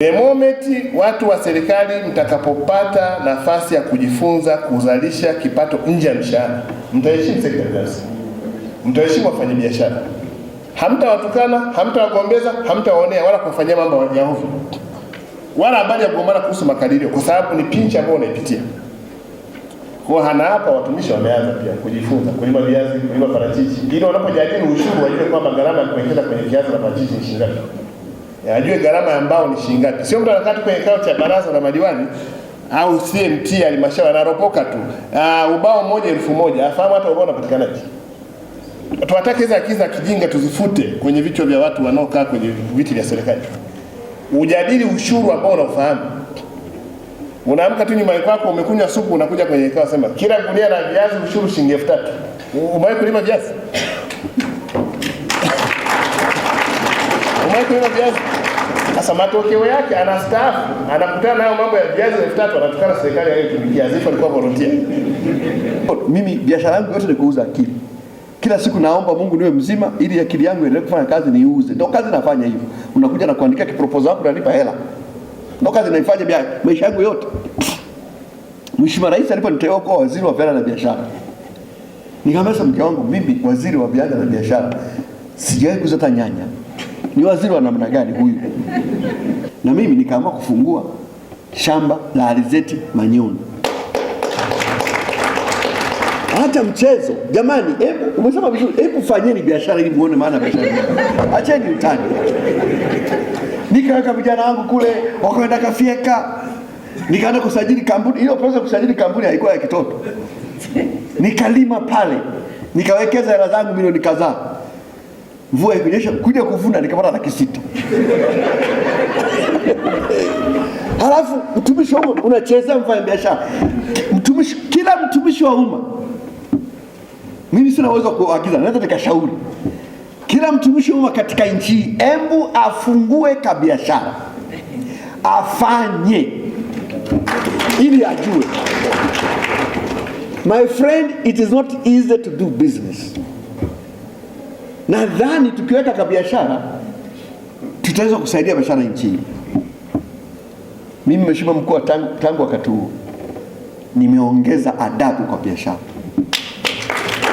The moment watu wa serikali mtakapopata nafasi ya kujifunza kuzalisha kipato nje ya mshahara, mtaheshimu sekta binafsi, mtaheshimu wafanyabiashara, hamtawatukana, hamtawagombeza, hamtawaonea wala kuwafanyia mambo ya hofu wala habari ya kugombana kuhusu makadirio, kwa sababu ni pinchi ambayo unaipitia kwa hana hapa. Watumishi wameanza pia kujifunza kulima viazi, kulima parachichi, ili wanapojadili ushuru wajue kwamba gharama ya kuwekeza kwenye viazi na parachichi ni shilingi ngapi. Eh, ajue gharama ya mbao ni shilingi ngapi. Sio mtu anakaa kwenye kikao cha baraza la madiwani au CMT halmashauri anaropoka tu uh, ubao mmoja elfu moja afahamu hata ubao unapatikanaje? Tuwatake hizo akiza kijinga tuzifute kwenye vichwa vya watu wanaokaa kwenye viti vya serikali. Ujadili ushuru ambao unaofahamu. Unaamka tu nyumbani kwako umekunywa supu unakuja kwenye kikao sema kila gunia la viazi ushuru shilingi 3000. Umewahi kulima viazi? Umewahi kulima viazi? Sasa matokeo yake anastaafu, anakutana nayo mambo ya viazi elfu tatu, anatukana serikali aliyotumikia. Azifu alikuwa volunteer. Mimi biashara yangu yote ni kuuza akili. Kila siku naomba Mungu niwe mzima ili akili yangu iendelee kufanya kazi, niuze. Ndio kazi nafanya hivyo. Unakuja na kuandika kiproposal yako unanipa hela. Ndio kazi naifanya bia maisha yangu yote. Mheshimiwa Rais aliponiteua kuwa waziri wa viwanda na biashara, nikamwambia mke wangu, mimi waziri wa viwanda na biashara sijawahi kuuza hata nyanya ni waziri wa namna gani huyu? Na mimi nikaamua kufungua shamba la alizeti Manyoni. Hata mchezo jamani, hebu umesema vizuri, hebu fanyeni biashara ili muone maana biashara. Acheni utani. Nikaweka vijana wangu kule, wakaenda kafieka, nikaenda kusajili kampuni. Hiyo pesa kusajili kampuni haikuwa ya kitoto. Nikalima pale, nikawekeza hela zangu milioni kadhaa mvua ikunyesha kuja kuvuna nikapata laki sita. Halafu mtumishi wa umma unachezea mfanya biashara, mtumishi, kila mtumishi wa umma, mimi sina uwezo kuagiza, naweza nikashauri kila mtumishi wa umma katika nchi hii, embu afungue kabiashara afanye ili ajue. My friend, it is not easy to do business. Nadhani tukiweka ka biashara tutaweza kusaidia biashara nchini. Mimi Mheshimiwa Mkuu, tangu wakati huo nimeongeza adabu kwa biashara.